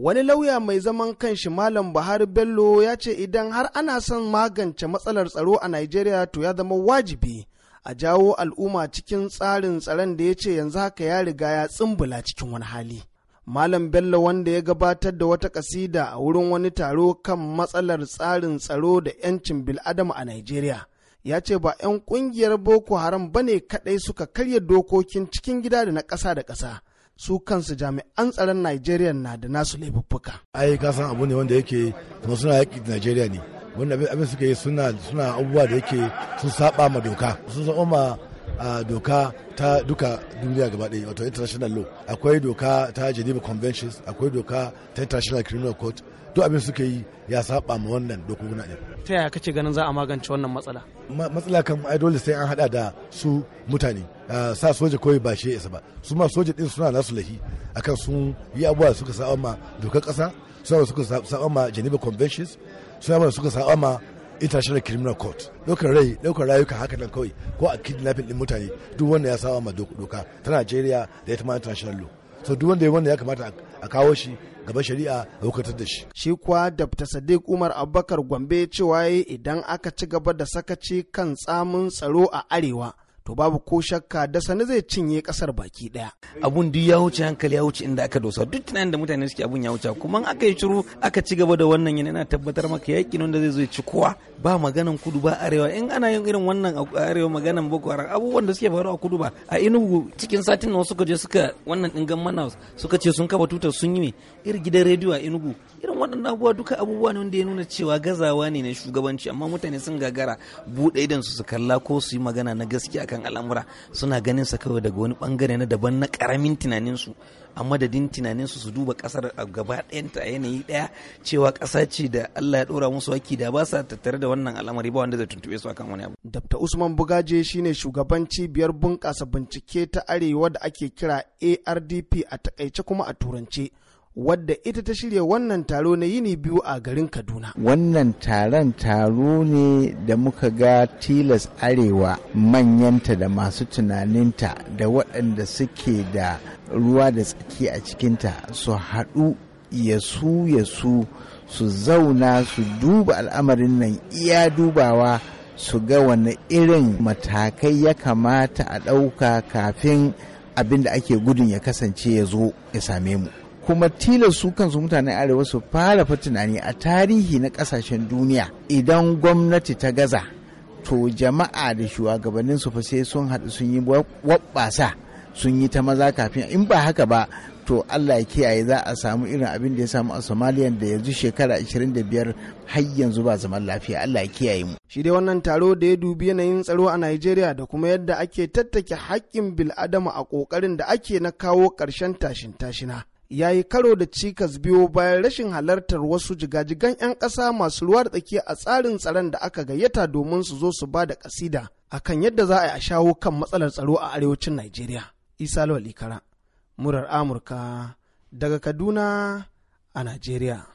wani lauya mai zaman kanshi malam buhari bello ya ce idan har ana son magance matsalar tsaro a nigeria to ya zama wajibi a jawo al'umma cikin tsarin tsaron da ya ce yanzu haka ya riga ya tsimbula cikin wani hali malam bello wanda ya gabatar da wata kasida a wurin wani taro kan matsalar tsarin tsaro da 'yancin bil'adama a nigeria ya ce ba 'yan kungiyar boko haram ba ne kadai suka karya dokokin cikin gida da na kasa da ƙasa su kansu jami'an tsaron Najeriya na da nasu laifuffuka. Ai ka san abu ne wanda yake kuma suna yaƙi da Najeriya ne. Wanda abin suke yi suna suna abubuwa da yake sun saba ma doka. Sun saba ma doka ta duka duniya gaba ɗaya wato international law. Akwai doka ta Geneva Conventions, akwai doka ta International Criminal Court. Duk abin suke yi ya saba ma wannan dokokuna ɗin. Ta yaya kace ganin za a magance wannan matsala? Matsala kan ai dole sai an haɗa da su mutane. Eh, sa soja kawai ba shi isa ba su ma soja din suna nasu lahi akan sun yi abubuwa suka saba ma dokar kasa suna suka saba ma Geneva Conventions suna suka saba ma international criminal court ɗaukar rai ɗaukar rayuka haka nan kawai ko a kidnapping din mutane duk wanda ya saba ma doka ta Najeriya da ita ma international law so duk wanda ya wanda ya kamata a kawo shi gaban shari'a a hukatar da shi. Shi kuwa Dabta Sadiq Umar Abubakar Gombe cewa idan aka ci gaba da sakaci kan tsamin tsaro a Arewa to babu ko shakka da sani zai cinye kasar baki daya abun duk ya wuce hankali ya wuce inda aka dosa duk tunanin da mutane suke abun ya wuce kuma aka yi shiru aka ci gaba da wannan yana na tabbatar maka yakin wanda zai zo ci kowa ba maganan kudu ba arewa in ana yin irin wannan arewa maganan boko haram abubuwan da suke faruwa kudu ba a inugu cikin satin nan suka je suka wannan dingan mana suka ce sun kafa tutar sun yi me irin gidan rediyo a inugu waɗannan abubuwa duka abubuwa ne wanda ya nuna cewa gazawa ne na shugabanci amma mutane sun gagara buɗe idan su kalla ko su yi magana na gaskiya akan al'amura suna ganin sa kawai daga wani bangare na daban na karamin tunanin su a madadin tunanin su su duba kasar a gaba ɗayanta a yanayi ɗaya cewa ƙasa ce da Allah ya ɗora musu waki da ba sa tattare da wannan al'amari ba wanda zai tuntuɓe su akan wani abu. Dr. Usman Bugaje shine shugaban biyar bunƙasa bincike ta arewa da ake kira ARDP a takaice kuma a turance. wadda ita ta shirya wannan taro na yini biyu a garin Kaduna. Wannan taron taro ne da muka ga tilas arewa manyanta da masu tunaninta da waɗanda suke da ruwa da tsaki a cikinta su haɗu yasu yasu su zauna su duba al'amarin nan iya dubawa su ga wani irin matakai ya kamata a ɗauka kafin abin da ake gudun ya kasance ya zo ya same mu. kuma tilas su kansu mutanen arewa su fara fa tunani a tarihi na kasashen duniya idan gwamnati ta gaza to jama'a da shugabannin su fa sai sun haɗu sun yi wabbasa sun yi ta maza kafin in ba haka ba to Allah ya kiyaye za a samu irin abin da ya samu a Somalia da yanzu shekara 25 har yanzu ba zaman lafiya Allah ya kiyaye mu. Shi dai wannan taro da ya dubi yanayin tsaro a nigeria da kuma yadda ake tattake haƙƙin bil'adama a ƙoƙarin da ake na kawo ƙarshen tashin tashina. ya yi karo da cikas biyo bayan rashin halartar wasu jigajigan 'yan ƙasa masu ruwa da tsakiya a tsarin tsaron da aka gayyata domin su zo su ba da a akan yadda za a shawo kan matsalar tsaro a arewacin Najeriya. Isa Lawal Ikara, murar Amurka daga Kaduna a Najeriya.